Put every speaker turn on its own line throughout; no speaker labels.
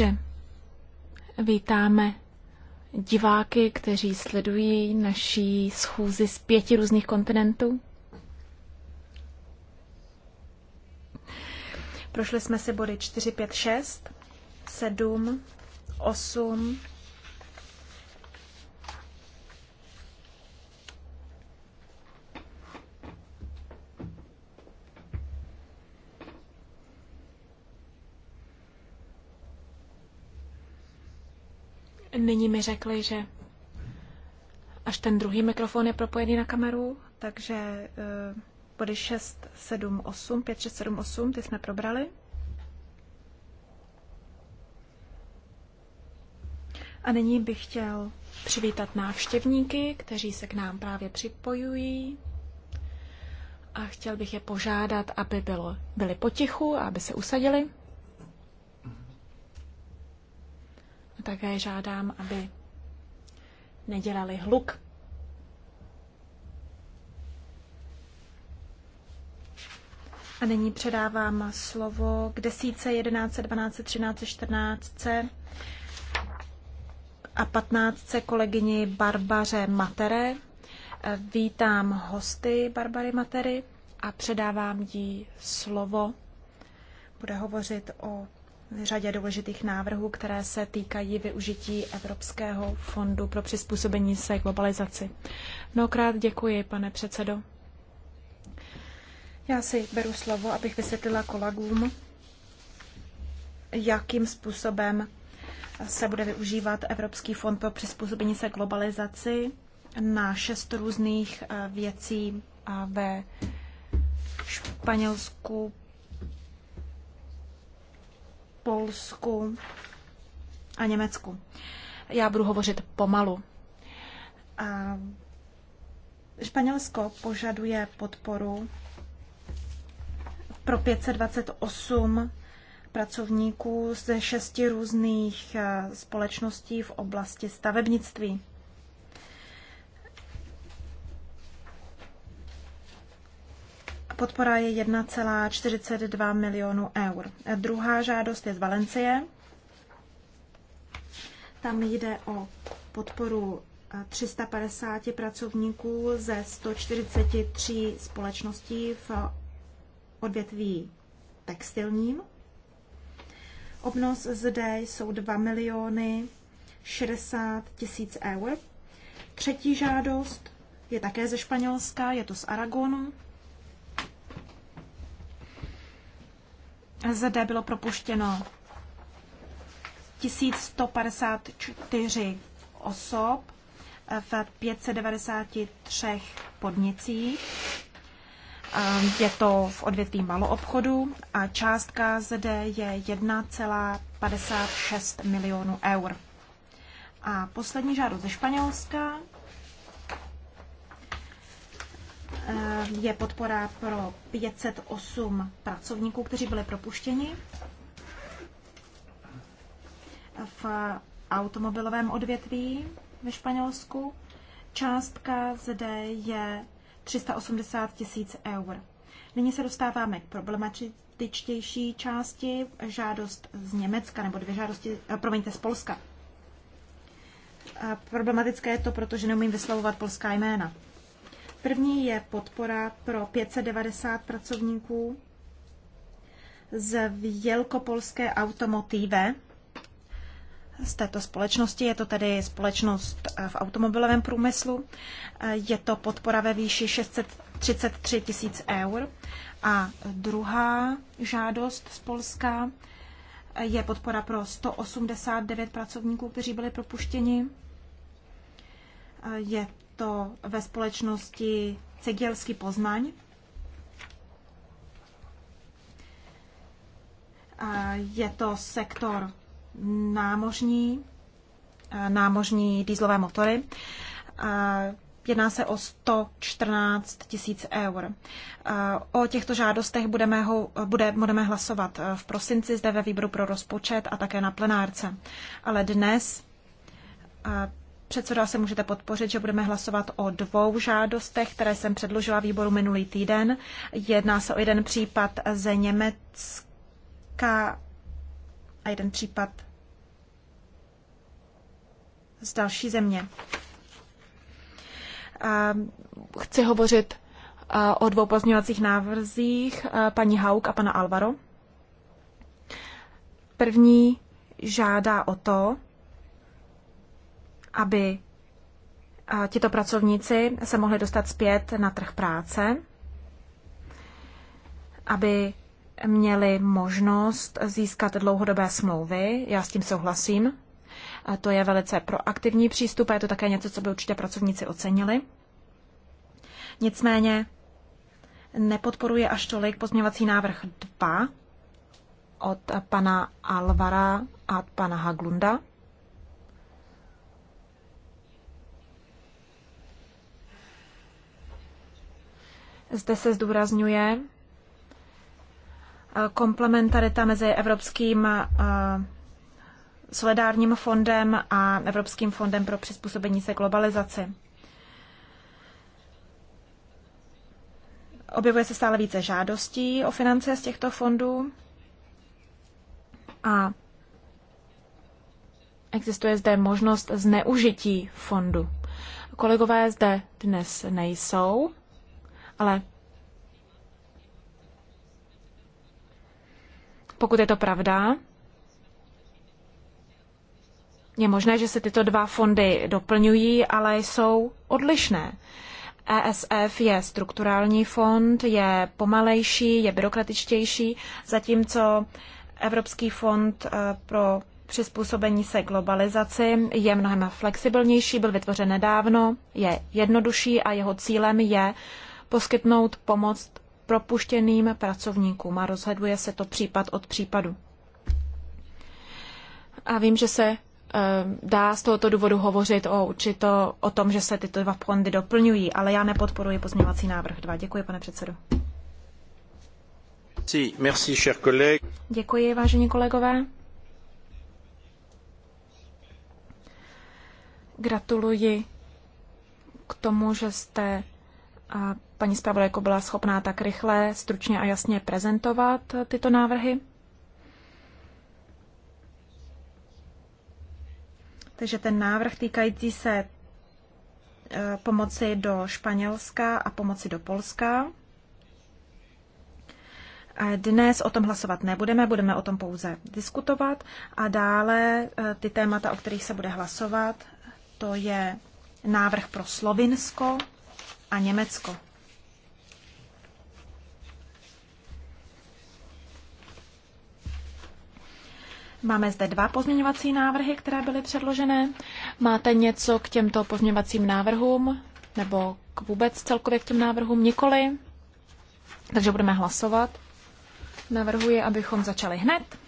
Ještě vítáme diváky, kteří sledují naší schůzi z pěti různých kontinentů. Prošli jsme si body 4, 5, 6, 7, 8, Nyní mi řekli, že až ten druhý mikrofon je propojený na kameru, takže uh, body 6, 7, 8, 5, 6, 7, 8, ty jsme probrali. A nyní bych chtěl přivítat návštěvníky, kteří se k nám právě připojují. A chtěl bych je požádat, aby bylo, byli potichu a aby se usadili. Také žádám, aby nedělali hluk. A nyní předávám slovo k desíce, jedenáctce, dvanáctce, třináctce, čtrnáctce a patnáctce kolegyni Barbaře Matere. Vítám hosty Barbary Matery a předávám jí slovo. Bude hovořit o řadě důležitých návrhů, které se týkají využití Evropského fondu pro přizpůsobení se globalizaci. Mnohokrát děkuji, pane předsedo. Já si beru slovo, abych vysvětlila kolegům, jakým způsobem se bude využívat Evropský fond pro přizpůsobení se globalizaci na šest různých eh, věcí ve Španělsku, Polsku a Německu. Já budu hovořit pomalu. A Španělsko požaduje podporu pro 528 pracovníků ze šesti různých eh, společností v oblasti stavebnictví. podpora je 1,42 milionu eur. Druhá žádost je z Valencie. Tam jde o podporu 350 eh, pracovníků ze 143 společností v odvětví textilním. Obnos zde jsou 2 miliony 60 tisíc eur. Třetí žádost je také ze Španělska, je to z Aragonu. zde bylo propuštěno 1154 osob v 593 podnicích. Ehm, je to v odvětví maloobchodu a částka zde je 1,56 milionů eur. A poslední žádost ze Španělska Eh, je podpora pro 508 pracovníků, kteří byli propuštěni v automobilovém odvětví ve Španělsku. Částka zde je 380 tisíc eur. Nyní se dostáváme k problematičtější části, žádost z Německa, nebo dvě žádosti, eh, promiňte, z Polska. Eh, problematické je to, protože neumím vyslovovat polská jména. První je podpora pro 590 pracovníků z Vělkopolské automotive. Z této společnosti je to tedy společnost eh, v automobilovém průmyslu. Eh, je to podpora ve výši 633 tisíc eur. A druhá žádost z Polska eh, je podpora pro 189 pracovníků, kteří byli propuštěni. Je to ve společnosti Cegělský Poznaň. Je to sektor námožní, námožní dýzlové motory. Jedná se o 114 tisíc eur. O těchto žádostech budeme, ho, bude, budeme hlasovat v prosinci zde ve výboru pro rozpočet a také na plenárce. Ale dnes předseda se můžete podpořit, že budeme hlasovat o dvou žádostech, které jsem předložila výboru minulý týden. Jedná se o jeden případ ze Německa a jeden případ z další země. Chci hovořit o dvou pozměňovacích návrzích paní Hauk a pana Alvaro. První žádá o to, aby tito pracovníci se mohli dostat zpět na trh práce, aby měli možnost získat dlouhodobé smlouvy. Já s tím souhlasím. To je velice proaktivní přístup a je to také něco, co by určitě pracovníci ocenili. Nicméně nepodporuje až tolik pozměvací návrh 2 od pana Alvara a pana Haglunda. Zde se zdůrazňuje eh, komplementarita mezi Evropským eh, solidárním fondem a Evropským fondem pro přizpůsobení se globalizaci. Objevuje se stále více žádostí o finance z těchto fondů a existuje zde možnost zneužití fondu. Kolegové zde dnes nejsou, ale pokud je to pravda, je možné, že se tyto dva fondy doplňují, ale jsou odlišné. ESF je strukturální fond, je pomalejší, je byrokratičtější, zatímco Evropský fond eh, pro přizpůsobení se globalizaci je mnohem flexibilnější, byl vytvořen nedávno, je jednodušší a jeho cílem je poskytnout pomoc propuštěným pracovníkům a rozhoduje se to případ od případu. A vím, že se eh, dá z tohoto důvodu hovořit o určito o tom, že se tyto dva fondy doplňují, ale já nepodporuji pozměňovací návrh 2. Děkuji, pane předsedo. Merci, cher Děkuji, vážení kolegové. Gratuluji k tomu, že jste paní zpravodajko byla schopná tak rychle, stručně a jasně prezentovat tyto návrhy. Takže ten návrh týkající se e, pomoci do Španělska a pomoci do Polska. Dnes o tom hlasovat nebudeme, budeme o tom pouze diskutovat. A dále e, ty témata, o kterých se bude hlasovat, to je návrh pro Slovinsko, a Německo. Máme zde dva pozměňovací návrhy, které byly předložené. Máte něco k těmto pozměňovacím návrhům nebo k vůbec celkově k těm návrhům nikoli? Takže budeme hlasovat. Navrhuji, abychom začali hned.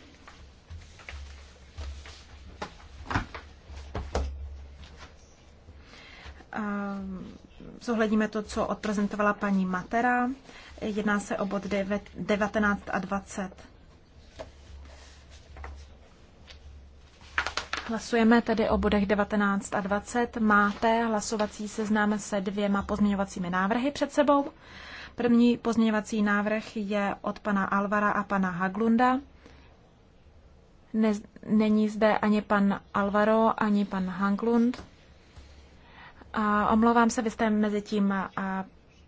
Um, zohledníme to, co odprezentovala paní Matera. Jedná se o bod 19 a 20. Hlasujeme tedy o bodech 19 a 20. Máte hlasovací seznam se dvěma pozměňovacími návrhy před sebou. První pozměňovací návrh je od pana Alvara a pana Haglunda. Ne, není zde ani pan Alvaro, ani pan Hanglund. A omlouvám se, vy jste mezi tím a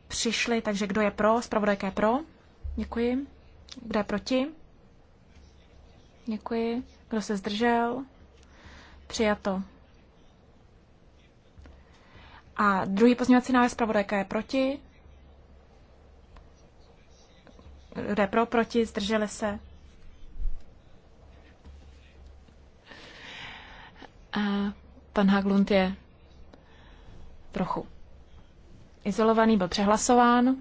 přišli, takže kdo je pro? Spravodajka je pro. Děkuji. Kdo je proti? Děkuji. Kdo se zdržel? Přijato. A druhý pozměňovací návrh zpravodajka je proti. Kdo je pro, proti, zdrželi se. A pan Haglund je trochu izolovaný, byl přehlasován.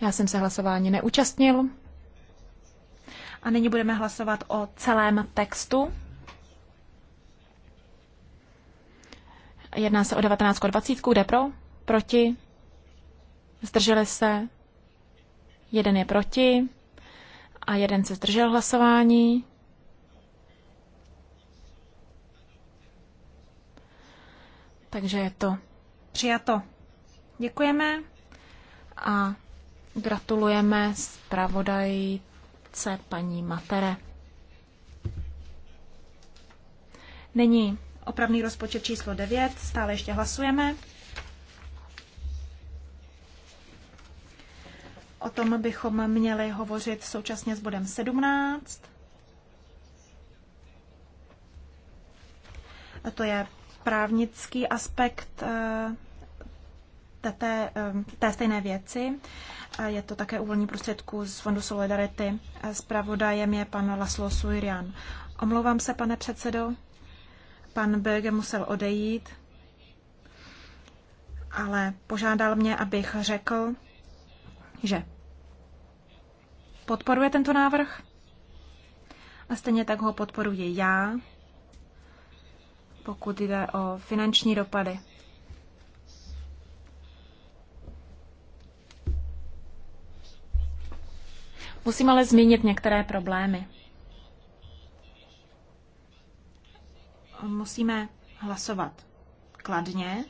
Já jsem se hlasování neúčastnil. A nyní budeme hlasovat o celém textu. Jedná se o 19 20, kde pro, proti, zdrželi se, jeden je proti a jeden se zdržel hlasování. takže je to přijato. Děkujeme a gratulujeme zpravodajce paní Matere. Nyní opravný rozpočet číslo 9, stále ještě hlasujeme. O tom bychom měli hovořit současně s bodem 17. A to je právnický aspekt eh, té, eh, té stejné věci. Je to také uvolní prostředku z Fondu Solidarity. Spravodajem je pan Laslo Sujrian. Omlouvám se, pane předsedo. Pan Böge musel odejít, ale požádal mě, abych řekl, že podporuje tento návrh a stejně tak ho podporuji já pokud jde o finanční dopady. Musím ale zmínit některé problémy. Musíme hlasovat kladně,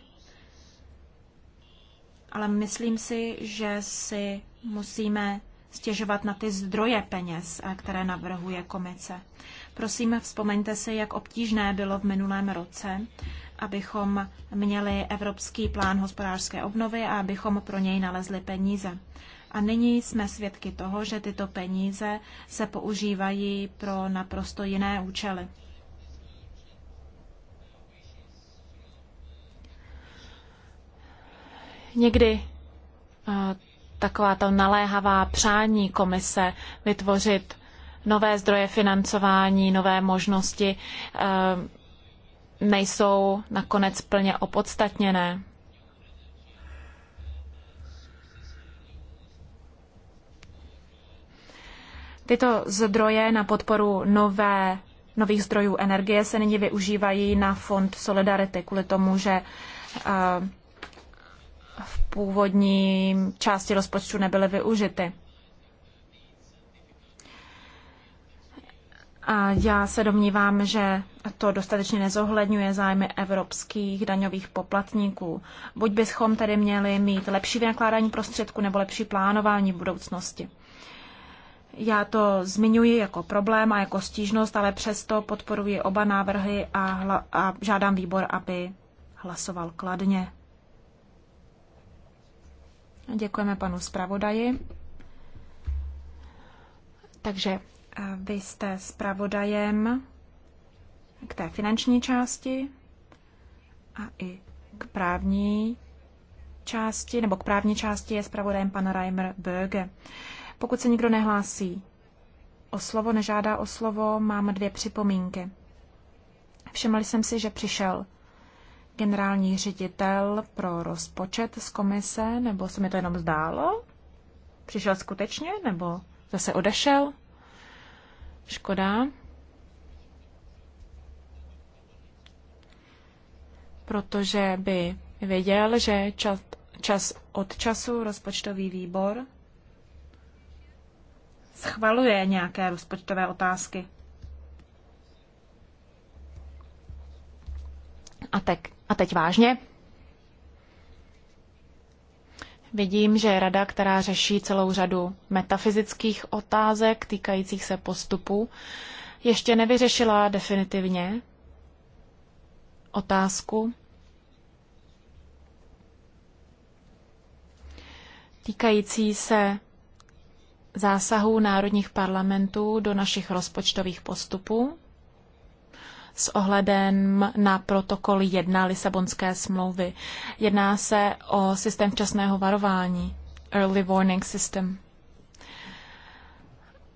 ale myslím si, že si musíme stěžovat na ty zdroje peněz, které navrhuje komice. Prosím, vzpomeňte si, jak obtížné bylo v minulém roce, abychom měli evropský plán hospodářské obnovy a abychom pro něj nalezli peníze. A nyní jsme svědky toho, že tyto peníze se používají pro naprosto jiné účely. Někdy eh, taková ta naléhavá přání komise vytvořit nové zdroje financování, nové možnosti eh, nejsou nakonec plně opodstatněné. Tyto zdroje na podporu nové, nových zdrojů energie se nyní využívají na fond Solidarity kvůli tomu, že eh, v původní části rozpočtu nebyly využity. A já se domnívám, že to dostatečně nezohledňuje zájmy evropských daňových poplatníků. Buď bychom tedy měli mít lepší vynakládání prostředků nebo lepší plánování v budoucnosti. Já to zmiňuji jako problém a jako stížnost, ale přesto podporuji oba návrhy a, a žádám výbor, aby hlasoval kladně. Děkujeme panu zpravodaji. Takže vy jste zpravodajem k té finanční části a i k právní části, nebo k právní části je zpravodajem pan Reimer Böge. Pokud se nikdo nehlásí o slovo, nežádá o slovo, mám dvě připomínky. Všiml jsem si, že přišel generální ředitel pro rozpočet z komise, nebo se mi to jenom zdálo? Přišel skutečně, nebo zase odešel? Škoda. Protože by věděl, že čas, čas od času rozpočtový výbor schvaluje nějaké rozpočtové otázky. A, tak, a teď vážně. Vidím, že je rada, která řeší celou řadu metafyzických otázek týkajících se postupu, ještě nevyřešila definitivně otázku týkající se zásahů národních parlamentů do našich rozpočtových postupů s ohledem na protokol 1 Lisabonské smlouvy. Jedná se o systém včasného varování, Early Warning System.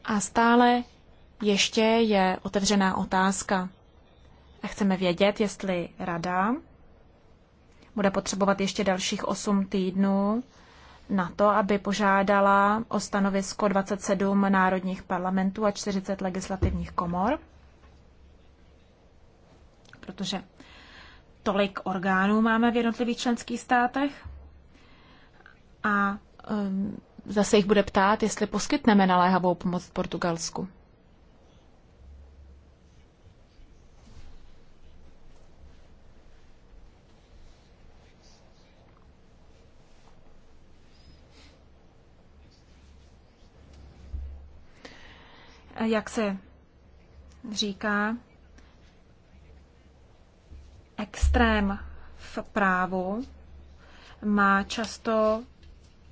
A stále ještě je otevřená otázka. A chceme vědět, jestli rada bude potřebovat ještě dalších 8 týdnů na to, aby požádala o stanovisko 27 národních parlamentů a 40 legislativních komor protože tolik orgánů máme v jednotlivých členských státech a um, zase jich bude ptát, jestli poskytneme naléhavou pomoc Portugalsku. Jak se říká, extrém v právu má často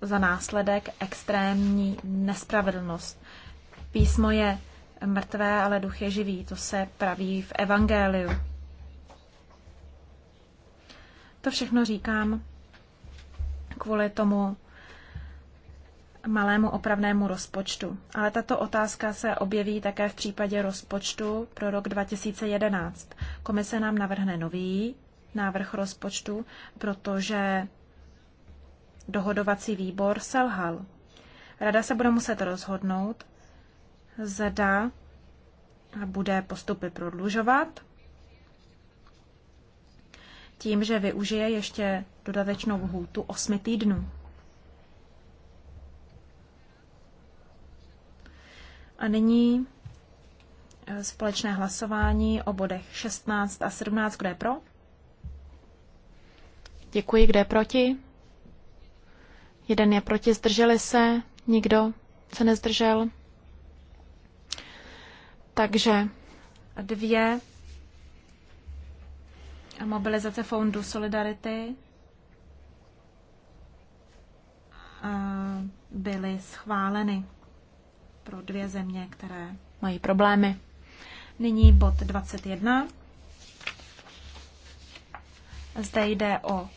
za následek extrémní nespravedlnost. Písmo je mrtvé, ale duch je živý. To se praví v Evangeliu. To všechno říkám kvůli tomu malému opravnému rozpočtu. Ale tato otázka se objeví také v případě rozpočtu pro rok 2011. Komise nám navrhne nový návrh rozpočtu, protože dohodovací výbor selhal. Rada se bude muset rozhodnout, zda bude postupy prodlužovat tím, že využije ještě dodatečnou lhůtu 8 týdnů. A nyní eh, společné hlasování o bodech 16 a 17. Kdo je pro? Děkuji. Kdo je proti? Jeden je proti. Zdrželi se? Nikdo se nezdržel? Takže dvě mobilizace fondu Solidarity eh, byly schváleny pro dvě země, které mají problémy. Nyní bod 21. Zde jde o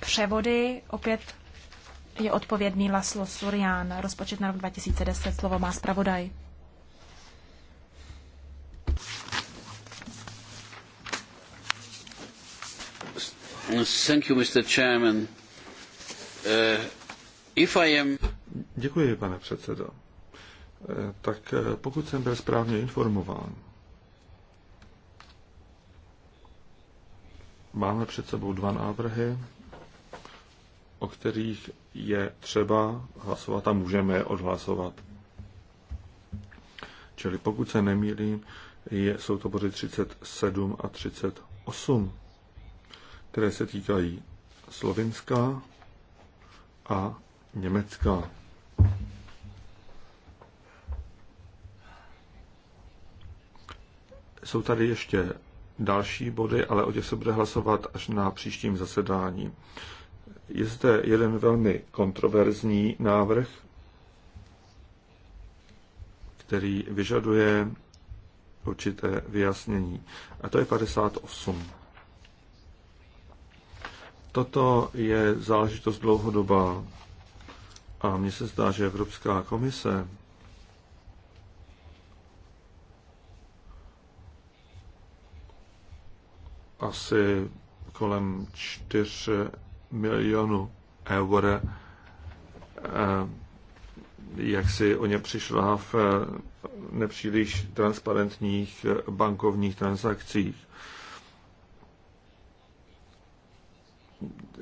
převody. Opět je odpovědný Laslo Surian. Rozpočet na rok 2010. Slovo má zpravodaj. Thank you, Mr. Chairman. Uh, if I am...
Děkuji, pane předsedo tak eh, pokud jsem byl správně informován, máme před sebou dva návrhy, o kterých je třeba hlasovat a můžeme je odhlasovat. Čili pokud se nemýlím, je, jsou to body 37 a 38, které se týkají Slovinska a Německa. Jsou tady ještě další body, ale o těch se bude hlasovat až na příštím zasedání. Je zde jeden velmi kontroverzní návrh, který vyžaduje určité vyjasnění. A to je 58. Toto je záležitost dlouhodobá a mně se zdá, že Evropská komise asi kolem 4 milionů eur, eh, jak si o ně přišla v eh, nepříliš transparentních eh, bankovních transakcích.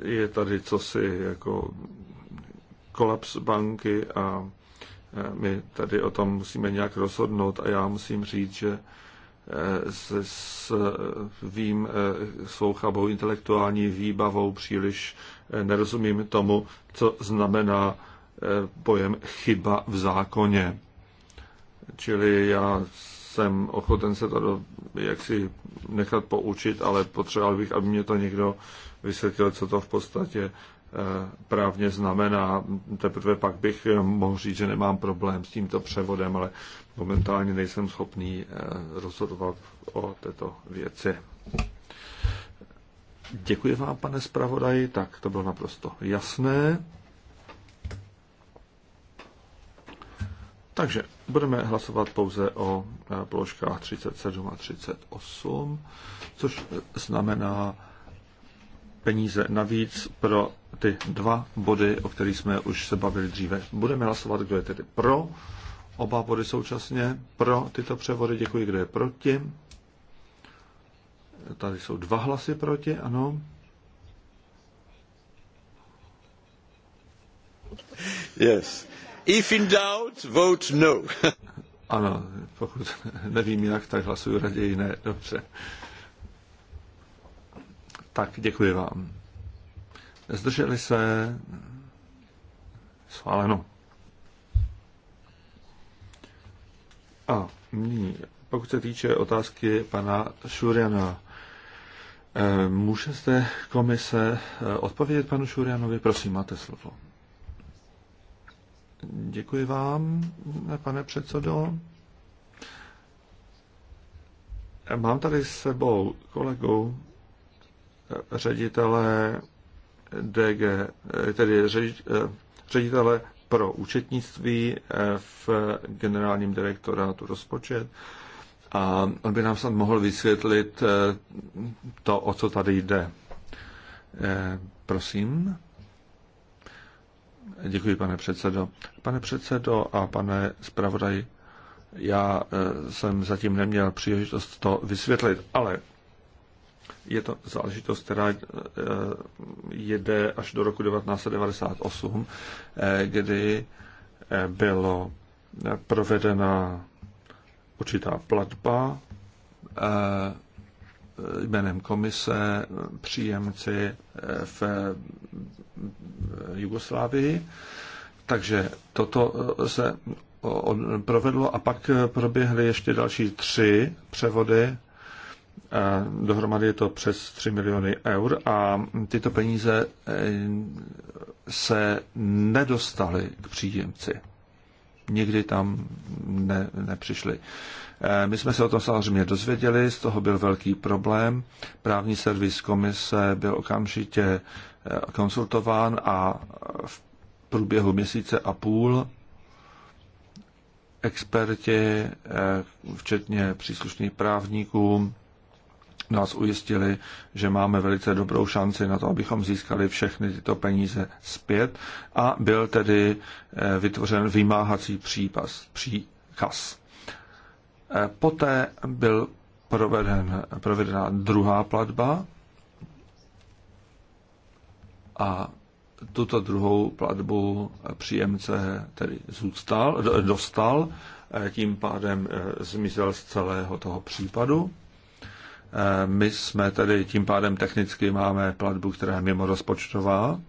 Je tady cosi jako kolaps banky a my tady o tom musíme nějak rozhodnout a já musím říct, že s, s vým eh, svou chabou intelektuální výbavou příliš eh, nerozumím tomu, co znamená eh, pojem chyba v zákoně. Čili já jsem ochoten se to jaksi nechat poučit, ale potřeboval bych, aby mě to někdo vysvětlil, co to v podstatě právně znamená. Teprve pak bych mohl říct, že nemám problém s tímto převodem, ale momentálně nejsem schopný eh, rozhodovat o této věci. Děkuji vám, pane zpravodaji, tak to bylo naprosto jasné. Takže budeme hlasovat pouze o eh, položkách 37 a 38, což znamená peníze navíc pro ty dva body, o kterých jsme už se bavili dříve. Budeme hlasovat, kdo je tedy pro, oba body současně pro tyto převody. Děkuji, kdo je proti. Tady jsou dva hlasy proti, ano. Yes. If in doubt, vote no. ano, pokud nevím jinak, tak hlasuju raději ne. Dobře. Tak, děkuji vám. Zdrželi se. Schváleno. A nyní, pokud se týče otázky pana Šuriana, eh, může zde komise eh, odpovědět panu Šurianovi? Prosím, máte slovo. Děkuji vám, pane předsedo. Mám tady s sebou kolegu eh, ředitele DG, tedy ředitele pro účetnictví eh, v generálním direktorátu rozpočet a on by nám snad mohl vysvětlit eh, to, o co tady jde. Eh, prosím. Děkuji, pane předsedo. Pane předsedo a pane zpravodaj, já jsem zatím neměl příležitost to vysvětlit, ale je to záležitost, která eh, jede až do roku 1998, eh, kdy eh, bylo provedena určitá platba jménem komise příjemci v Jugoslávii. Takže toto se provedlo a pak proběhly ještě další tři převody dohromady je to přes 3 miliony eur a tyto peníze eh, se nedostaly k příjemci. Nikdy tam ne, nepřišli. Eh, my jsme se o tom samozřejmě dozvěděli, z toho byl velký problém. Právní servis komise byl okamžitě eh, konsultován a v průběhu měsíce a půl experti, včetně příslušných právníků, nás ujistili, že máme velice dobrou šanci na to, abychom získali všechny tyto peníze zpět a byl tedy eh, vytvořen vymáhací přípas, příkaz. Eh, poté byl proveden, provedena druhá platba a tuto druhou platbu příjemce tedy zůstal, dostal, eh, tím pádem zmizel z celého toho případu. Eh, my jsme tady tím pádem technicky máme platbu, která je mimo rozpočtová.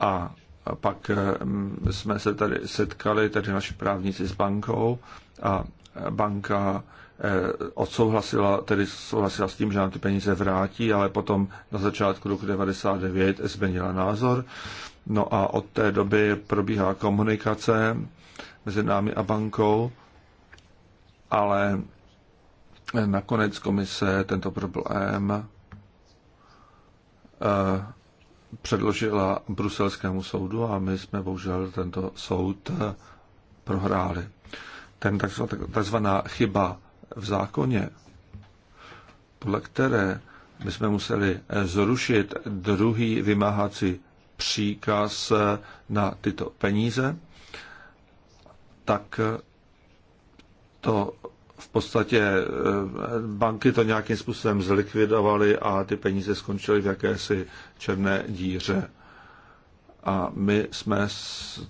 A pak eh, jsme se tady setkali, tady naši právníci s bankou a banka eh, odsouhlasila, tedy souhlasila s tím, že nám ty peníze vrátí, ale potom na začátku roku 99 změnila názor. No a od té doby probíhá komunikace mezi námi a bankou, ale Nakonec komise tento problém eh, předložila bruselskému soudu a my jsme bohužel tento soud eh, prohráli. Ten takzvaná chyba v zákoně, podle které my jsme museli eh, zrušit druhý vymáhací příkaz na tyto peníze, tak to v podstatě eh, banky to nějakým způsobem zlikvidovaly a ty peníze skončily v jakési černé díře. A my jsme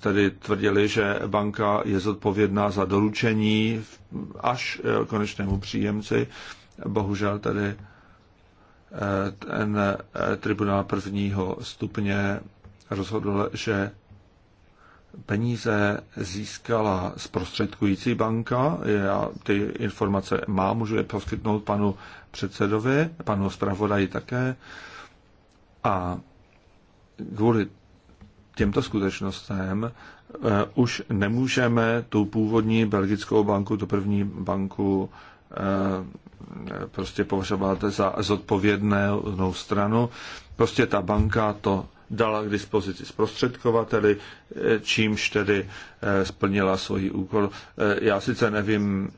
tedy tvrdili, že banka je zodpovědná za doručení až eh, konečnému příjemci. Bohužel tedy eh, ten tribunál prvního stupně rozhodl, že peníze získala zprostředkující banka. Já ty informace mám, můžu je poskytnout panu předsedovi, panu zpravodaji také. A kvůli těmto skutečnostem eh, už nemůžeme tu původní belgickou banku, tu první banku eh, prostě považovat za zodpovědnou stranu. Prostě ta banka to dala k dispozici zprostředkovateli, e, čímž tedy e, splnila svůj úkol. E, já sice nevím,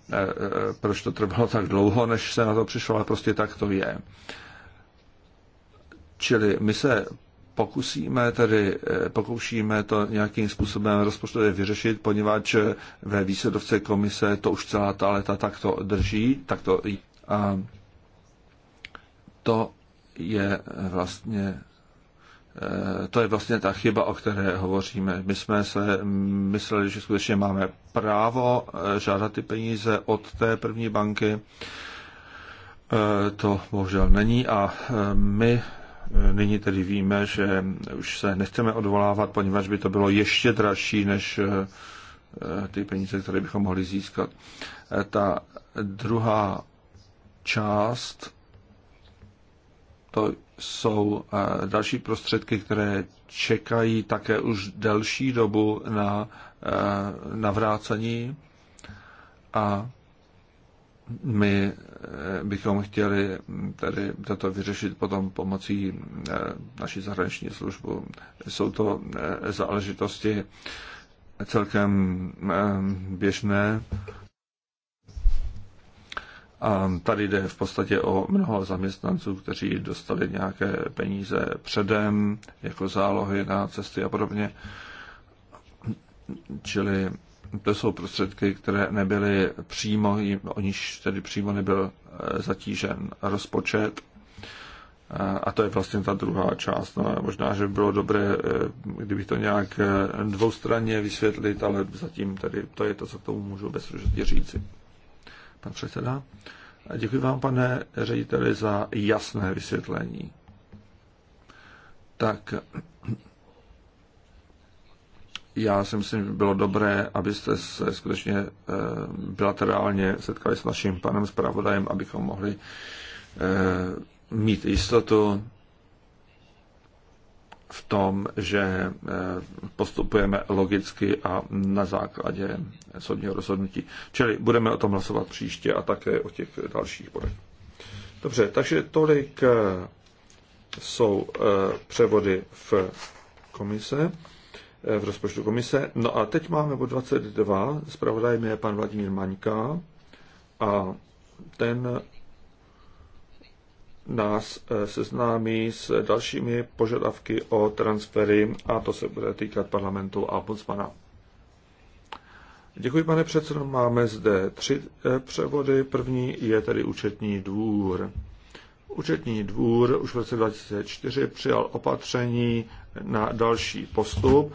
proč to trvalo tak dlouho, než se na to přišlo, ale prostě tak to je. Čili my se pokusíme tedy, pokoušíme to nějakým způsobem rozpočtově vyřešit, poněvadž ve výsledovce komise to už celá ta leta takto drží, tak to, a to je vlastně Eh, to je vlastně ta chyba, o které hovoříme. My jsme se mysleli, že skutečně máme právo eh, žádat ty peníze od té první banky. Eh, to bohužel není a my nyní tedy víme, že už se nechceme odvolávat, poněvadž by to bylo ještě dražší než ty peníze, které bychom mohli získat. Ta druhá část to jsou eh, další prostředky, které čekají také už delší dobu na eh, navrácení a my eh, bychom chtěli tedy toto vyřešit potom pomocí naší zahraniční službu. Jsou to záležitosti celkem běžné a tady jde v podstatě o mnoho zaměstnanců, kteří dostali nějaké peníze předem, jako zálohy na cesty a podobně. Čili to jsou prostředky, které nebyly přímo, o níž tedy přímo nebyl e, zatížen rozpočet. A to je vlastně ta druhá část. No, možná, že by bylo dobré, e, kdyby to nějak e, dvoustranně vysvětlit, ale zatím tady to je to, co k tomu můžu bezprostředně říci. Pan předseda. Děkuji vám, pane řediteli, za jasné vysvětlení. Tak já si myslím, že bylo dobré, abyste se skutečně eh, bilaterálně setkali s naším panem zpravodajem, abychom mohli eh, mít jistotu, v tom, že eh, postupujeme logicky a na základě soudního rozhodnutí. Čili budeme o tom hlasovat příště a také o těch dalších bodech. Dobře, takže tolik eh, jsou eh, převody v komise, v rozpočtu komise. No a teď máme bod 22, zpravodajem je pan Vladimír Maňka a ten nás eh, seznámí s dalšími požadavky o transfery a to se bude týkat parlamentu a ombudsmana. Děkuji, pane předsedo. Máme zde tři eh, převody. První je tedy účetní dvůr. Účetní dvůr už v roce 2004 přijal opatření na další postup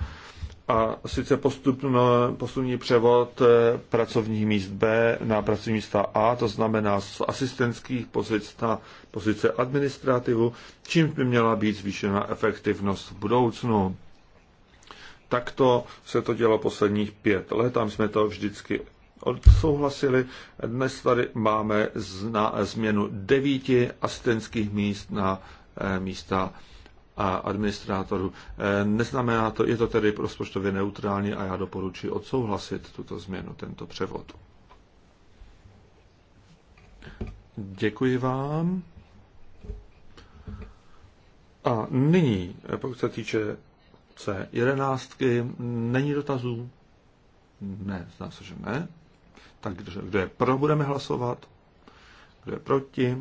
a sice postupný, postupný převod eh, pracovních míst B na pracovní místa A, to znamená z asistentských pozic na pozice administrativu, čím by měla být zvýšena efektivnost v budoucnu. Takto se to dělo posledních pět let, tam jsme to vždycky odsouhlasili. Dnes tady máme zna, změnu devíti asistentských míst na eh, místa a administrátorů. Eh, neznamená to, je to tedy rozpočtově neutrální a já doporučuji odsouhlasit tuto změnu, tento převod. Děkuji vám. A nyní, eh, pokud se týče C11, není dotazů? Ne, zdá se, že ne. Tak kdo, kdo je pro, budeme hlasovat. Kdo je proti?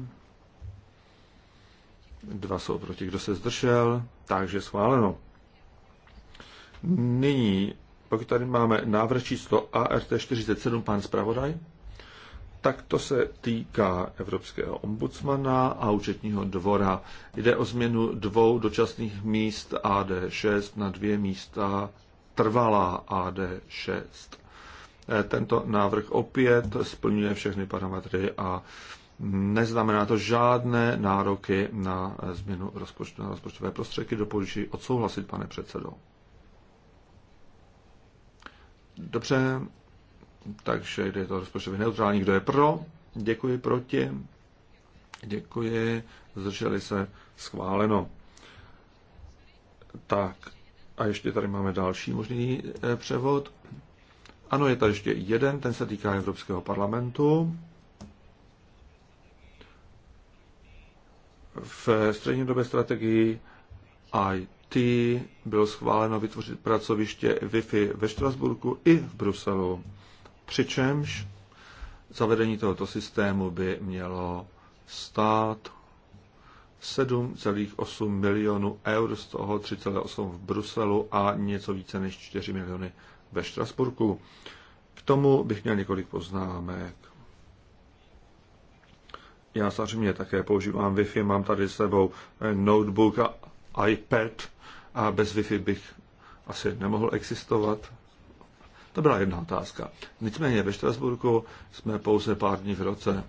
Dva jsou proti, kdo se zdržel, takže schváleno. Nyní, pokud tady máme návrh číslo ART47, pan zpravodaj, tak to se týká Evropského ombudsmana a účetního dvora. Jde o změnu dvou dočasných míst AD6 na dvě místa trvalá AD6. E, tento návrh opět splňuje všechny parametry a Neznamená to žádné nároky na změnu rozpočtu, na rozpočtové prostředky. Doporučuji odsouhlasit, pane předsedo. Dobře, takže jde to rozpočtově neutrální. Kdo je pro? Děkuji proti. Děkuji. Zdrželi se. Schváleno. Tak. A ještě tady máme další možný eh, převod. Ano, je tady ještě jeden, ten se týká Evropského parlamentu. V střednědobé strategii IT bylo schváleno vytvořit pracoviště Wi-Fi ve Štrasburku i v Bruselu, přičemž zavedení tohoto systému by mělo stát 7,8 milionů eur, z toho 3,8 v Bruselu a něco více než 4 miliony ve Štrasburku. K tomu bych měl několik poznámek. Já samozřejmě také používám Wi-Fi, mám tady s sebou eh, notebook a iPad a bez Wi-Fi bych asi nemohl existovat. To byla jedna otázka. Nicméně ve Štrasburku jsme pouze pár dní v roce.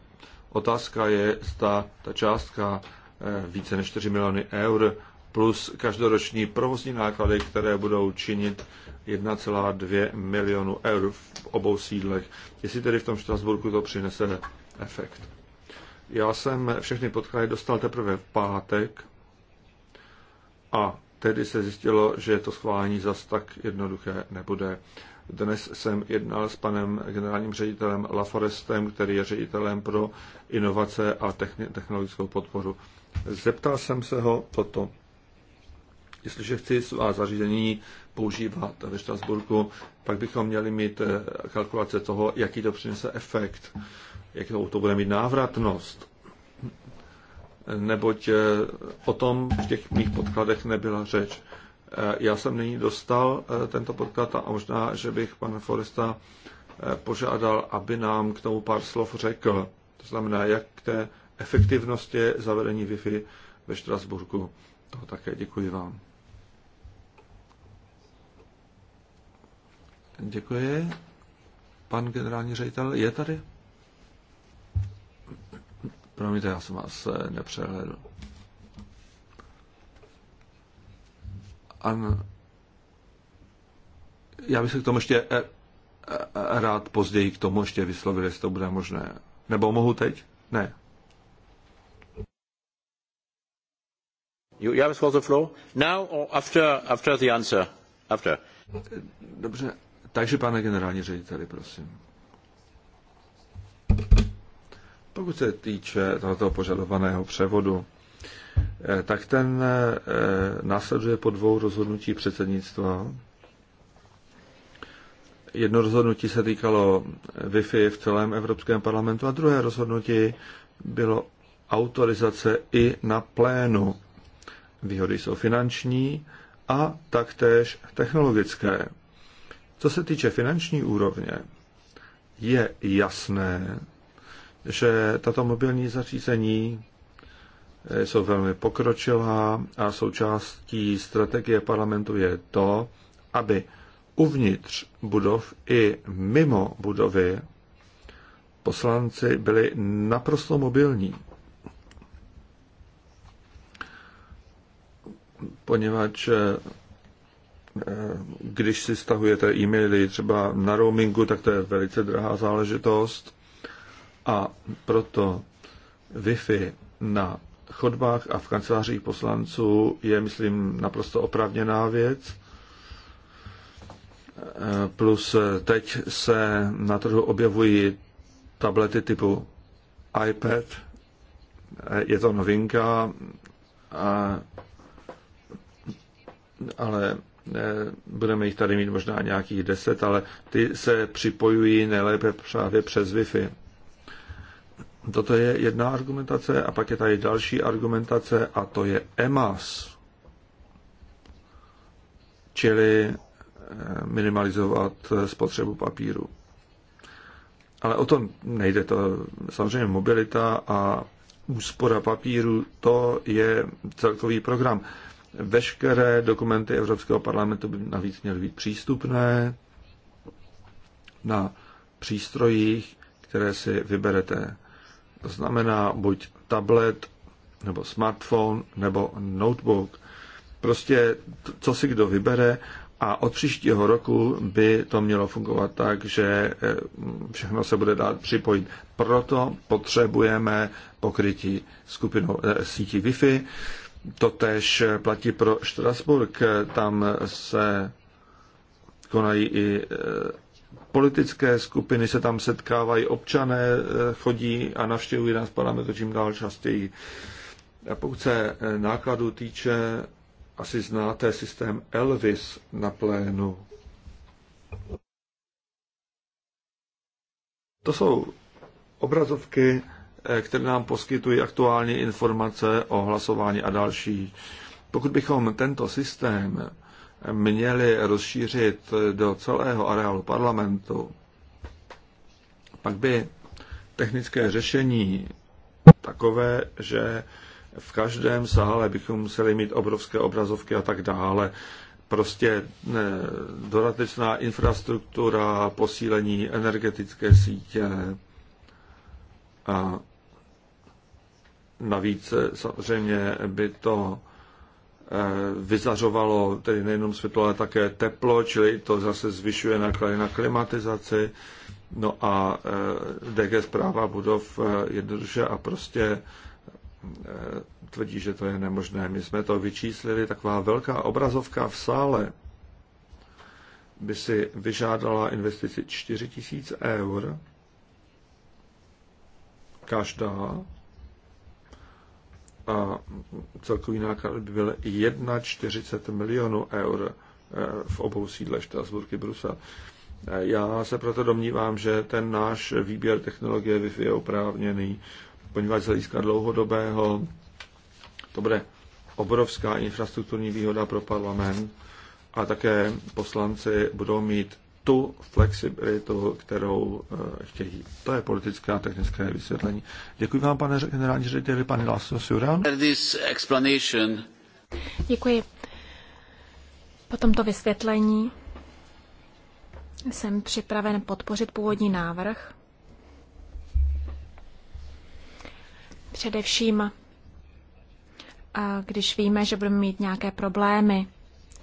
Otázka je, zda ta částka eh, více než 4 miliony eur plus každoroční provozní náklady, které budou činit 1,2 milionu eur v obou sídlech. Jestli tedy v tom Štrasburku to přinese efekt. Já jsem všechny podklady dostal teprve v pátek a tedy se zjistilo, že to schválení zas tak jednoduché nebude. Dnes jsem jednal s panem generálním ředitelem Laforestem, který je ředitelem pro inovace a technologickou podporu. Zeptal jsem se ho toto. Jestliže chci svá zařízení používat ve Štrasburku, pak bychom měli mít eh, kalkulace toho, jaký to přinese efekt jakou to bude mít návratnost. Neboť eh, o tom v těch mých podkladech nebyla řeč. Eh, já jsem nyní dostal eh, tento podklad a možná, že bych pana Foresta požádal, aby nám k tomu pár slov řekl. To znamená, jak k té efektivnosti zavedení Wi-Fi ve Štrasburku. To také děkuji vám. Děkuji. Pan generální ředitel je tady? Promiňte, já jsem vás eh, nepřehledl. An... Já bych se k tomu ještě eh, eh, rád později k tomu ještě vyslovil, jestli to bude možné. Nebo mohu teď? Ne. You, you have for the floor? Now or after, after the answer? After. Dobře, takže pane generální řediteli, prosím. Pokud se týče tohoto požadovaného převodu, eh, tak ten eh, následuje po dvou rozhodnutí předsednictva. Jedno rozhodnutí se týkalo eh, Wi-Fi v celém Evropském parlamentu a druhé rozhodnutí bylo autorizace i na plénu. Výhody jsou finanční a taktéž technologické. Co se týče finanční úrovně, je jasné, že tato mobilní zařízení eh, jsou velmi pokročilá a součástí strategie parlamentu je to, aby uvnitř budov i mimo budovy poslanci byli naprosto mobilní. Poněvadž eh, eh, když si stahujete e-maily třeba na roamingu, tak to je velice drahá záležitost. A proto Wi-Fi na chodbách a v kancelářích poslanců je, myslím, naprosto opravněná věc. Plus teď se na trhu objevují tablety typu iPad. Je to novinka, a, ale e, budeme jich tady mít možná nějakých deset, ale ty se připojují nejlépe právě přes Wi-Fi. Toto je jedna argumentace a pak je tady další argumentace a to je EMAS, čili eh, minimalizovat eh, spotřebu papíru. Ale o tom nejde. To samozřejmě mobilita a úspora papíru, to je celkový program. Veškeré dokumenty Evropského parlamentu by navíc měly být přístupné na přístrojích, které si vyberete. To znamená buď tablet, nebo smartphone, nebo notebook. Prostě co si kdo vybere a od příštího roku by to mělo fungovat tak, že eh, všechno se bude dát připojit. Proto potřebujeme pokrytí skupinou eh, sítí Wi-Fi. to tež platí pro Štrasburg. Tam se konají i eh, politické skupiny se tam setkávají, občané eh, chodí a navštěvují nás parametr čím dál častěji. A pokud se eh, nákladu týče, asi znáte systém Elvis na plénu. To jsou obrazovky, eh, které nám poskytují aktuální informace o hlasování a další. Pokud bychom tento systém měli rozšířit do celého areálu parlamentu, pak by technické řešení takové, že v každém sále bychom museli mít obrovské obrazovky a tak dále. Prostě e, dodatečná infrastruktura, posílení energetické sítě a navíc e, samozřejmě by to Eh, vyzařovalo tedy nejenom světlo, ale také teplo, čili to zase zvyšuje náklady na klimatizaci. No a eh, DG zpráva budov eh, jednoduše a prostě tvrdí, že to je nemožné. My jsme to vyčíslili, taková velká obrazovka v sále by si vyžádala investici 4 000 eur každá a celkový náklad by byl 1,40 milionů eur eh, v obou sídlech Štrasburky Brusel. Eh, já se proto domnívám, že ten náš výběr technologie Wi-Fi je oprávněný, poněvadž z hlediska dlouhodobého to bude obrovská infrastrukturní výhoda pro parlament a také poslanci budou mít tu flexibilitu, kterou eh, chtějí. To je politické a technické vysvětlení. Děkuji vám, pane generální řediteli, pane László Suran.
Děkuji. Po tomto vysvětlení jsem připraven podpořit původní návrh. Především, eh, když víme, že budeme mít nějaké problémy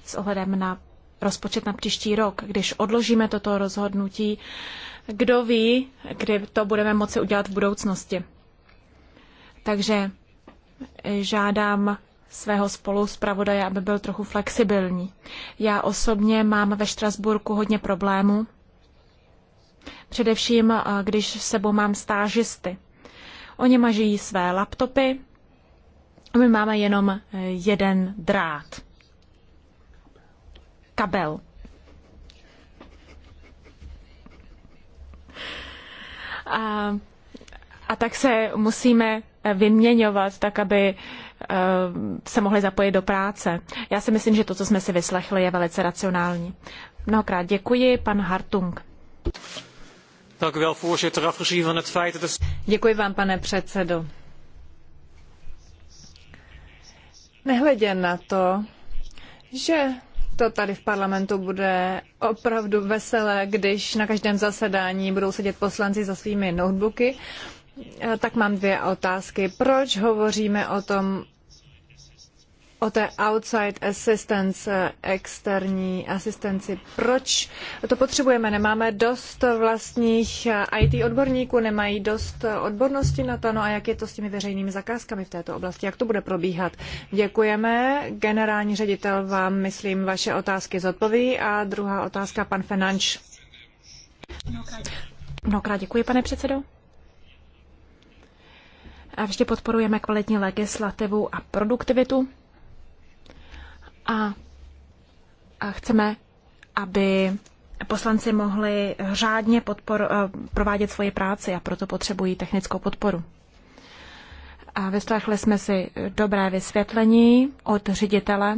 s ohledem na rozpočet na příští rok. Když odložíme toto rozhodnutí, kdo ví, kdy to budeme moci udělat v budoucnosti. Takže eh, žádám svého spolu zpravodaje, aby byl trochu flexibilní. Já osobně mám ve Štrasburku hodně problémů, především eh, když sebou mám stážisty. Oni mažejí své laptopy, my máme jenom eh, jeden drát kabel. A, a tak se musíme vyměňovat, tak aby e, se mohli zapojit do práce. Já si myslím, že to, co jsme si vyslechli, je velice racionální. Mnohokrát děkuji, pan Hartung. Děkuji vám, pane předsedo.
Nehledě na to, že to tady v parlamentu bude opravdu veselé, když na každém zasedání budou sedět poslanci za svými notebooky. Eh, tak mám dvě otázky. Proč hovoříme o tom o té outside assistance, eh, externí asistenci. Proč to potřebujeme? Nemáme dost vlastních eh, IT odborníků, nemají dost eh, odbornosti na to, no a jak je to s těmi veřejnými zakázkami v této oblasti, jak to bude probíhat? Děkujeme. Generální ředitel vám, myslím, vaše otázky zodpoví a druhá otázka, pan Fenanč.
Mnohokrát děkuji, pane předsedo a vždy podporujeme kvalitní legislativu a produktivitu. A, a chceme, aby poslanci mohli řádně podpor, eh, provádět svoji práci a proto potřebují technickou podporu. A vyslechli jsme si dobré vysvětlení od ředitele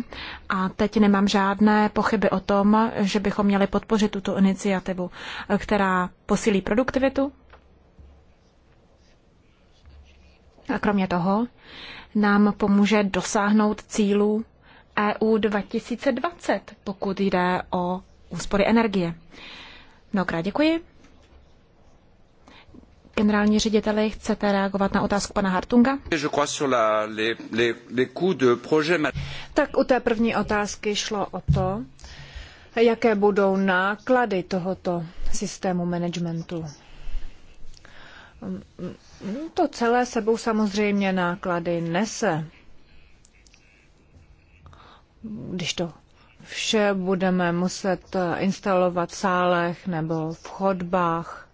a teď nemám žádné pochyby o tom, že bychom měli podpořit tuto iniciativu, eh, která posílí produktivitu. A kromě toho nám pomůže dosáhnout cílů EU 2020, pokud jde o úspory energie. Mnohokrát děkuji. Generální řediteli, chcete reagovat na otázku pana Hartunga? Tak u té
první otázky šlo o to, jaké budou náklady tohoto systému managementu. Mm, mm, mm, to celé sebou samozřejmě náklady nese když to vše budeme muset eh, instalovat v sálech nebo v chodbách,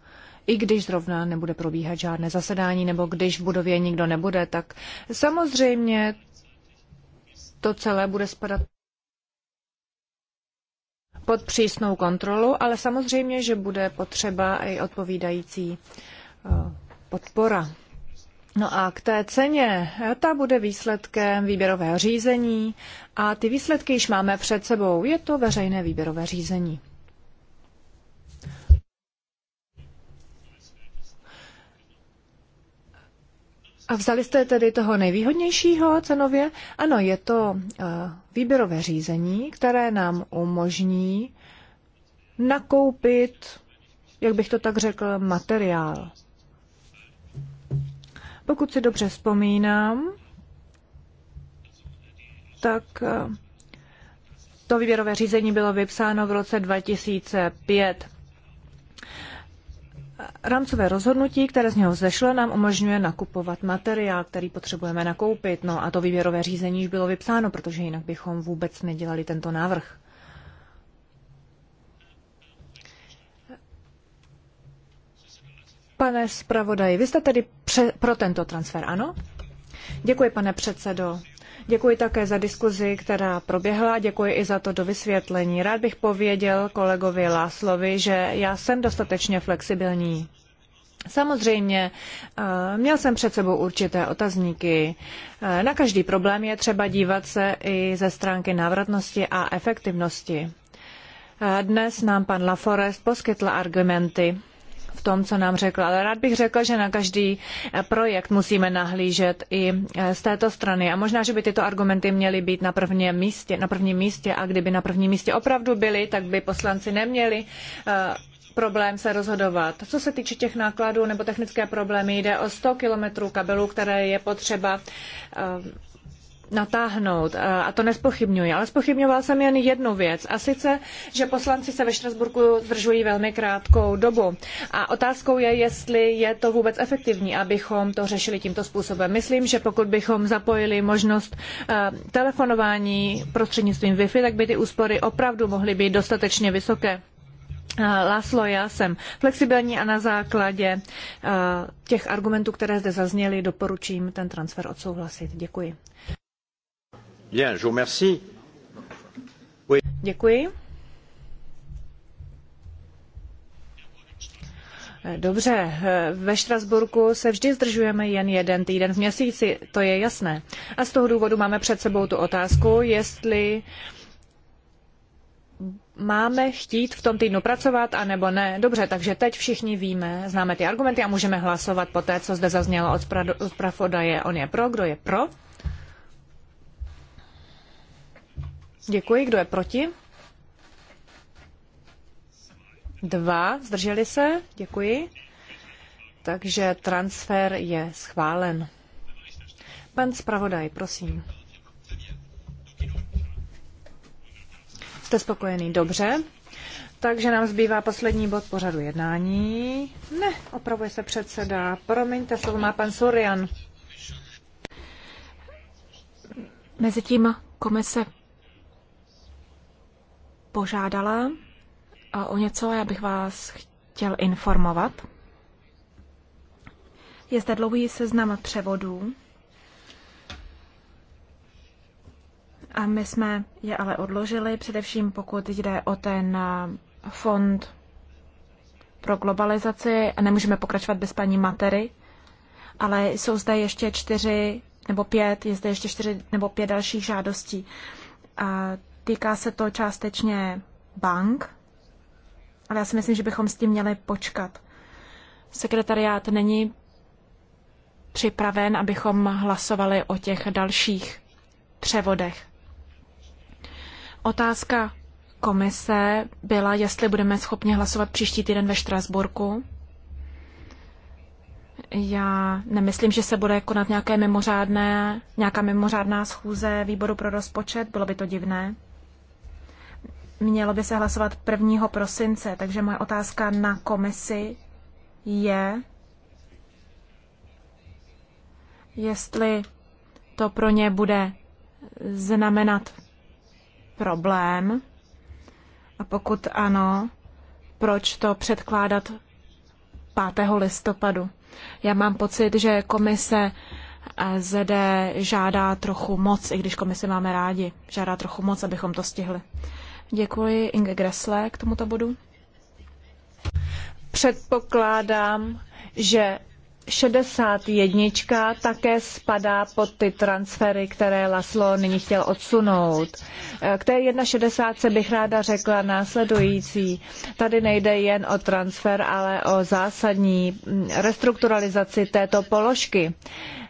i když zrovna nebude probíhat žádné zasedání, nebo když v budově nikdo nebude, tak samozřejmě to celé bude spadat pod přísnou kontrolu, ale samozřejmě, že bude potřeba i odpovídající eh, podpora. No a k té ceně, ta bude výsledkem výběrového řízení a ty výsledky již máme před sebou. Je to veřejné výběrové řízení. A vzali jste tedy toho nejvýhodnějšího cenově? Ano, je to eh, výběrové řízení, které nám umožní nakoupit, jak bych to tak řekl, materiál. Pokud si dobře vzpomínám, tak eh, to výběrové řízení bylo vypsáno v roce 2005. Rámcové rozhodnutí, které z něho zešlo, nám umožňuje nakupovat materiál, který potřebujeme nakoupit. No a to výběrové řízení už bylo vypsáno, protože jinak bychom vůbec nedělali tento návrh. Pane zpravodaji, vy jste tedy pře- pro tento transfer, ano? Děkuji, pane předsedo. Děkuji také za diskuzi, která proběhla, děkuji i za to dovysvětlení. Rád bych pověděl kolegovi Láslovi, že já jsem dostatečně flexibilní. Samozřejmě, měl jsem před sebou určité otazníky. Na každý problém je třeba dívat se i ze stránky návratnosti a efektivnosti. Dnes nám pan Laforest poskytl argumenty, v tom, co nám řekl. Ale rád bych řekl, že na každý eh, projekt musíme nahlížet i eh, z této strany. A možná, že by tyto argumenty měly být na prvním místě. Na prvním místě a kdyby na prvním místě opravdu byly, tak by poslanci neměli eh, problém se rozhodovat. Co se týče těch nákladů nebo technické problémy, jde o 100 kilometrů kabelů, které je potřeba natáhnout a to nespochybňuji, ale spochybňoval jsem jen jednu věc a sice, že poslanci se ve Štrasburku zdržují velmi krátkou dobu a otázkou je, jestli je to vůbec efektivní, abychom to řešili tímto způsobem. Myslím, že pokud bychom zapojili možnost telefonování prostřednictvím Wi-Fi, tak by ty úspory opravdu mohly být dostatečně vysoké. Láslo, já jsem flexibilní a na základě těch argumentů, které zde zazněly, doporučím ten transfer odsouhlasit. Děkuji. Dobře, ve Štrasburku se vždy zdržujeme jen jeden týden v měsíci, to je jasné. A z toho důvodu máme před sebou tu otázku, jestli máme chtít v tom týdnu pracovat, anebo ne. Dobře, takže teď všichni víme, známe ty argumenty a můžeme hlasovat po té, co zde zaznělo od zpravodaje. On je pro, kdo je pro? Děkuji. Kdo je proti? Dva. Zdrželi se? Děkuji. Takže transfer je schválen. Pan zpravodaj, prosím. Jste spokojený? Dobře. Takže nám zbývá poslední bod pořadu
jednání.
Ne, opravuje se předseda. Promiňte, slovo má pan Surian.
Mezitím komise požádala eh, o něco, já bych vás chtěl informovat. Je zde dlouhý seznam převodů. A my jsme je ale odložili, především pokud jde o ten eh, fond pro globalizaci. Nemůžeme pokračovat bez paní Matery, ale jsou zde ještě čtyři nebo pět, je zde ještě čtyři nebo pět dalších žádostí. A Týká se to částečně bank, ale já si myslím, že bychom s tím měli počkat. Sekretariát není připraven, abychom hlasovali o těch dalších převodech. Otázka komise byla, jestli budeme schopni hlasovat příští týden ve Štrasburku. Já nemyslím, že se bude konat nějaké mimořádné, nějaká mimořádná schůze výboru pro rozpočet, bylo by to divné. Mělo by se hlasovat 1. prosince, takže moje otázka na komisi je, jestli to pro ně bude znamenat problém a pokud ano, proč to předkládat 5. listopadu. Já mám pocit, že komise eh, zde žádá trochu moc, i když komise máme rádi, žádá trochu moc, abychom to stihli. Děkuji Inge Gressle k tomuto bodu. Předpokládám, že 61
také spadá pod ty transfery, které Laslo nyní chtěl odsunout. Eh, k té 1,60 bych ráda řekla následující. Tady nejde jen o transfer, ale o zásadní mm, restrukturalizaci této položky.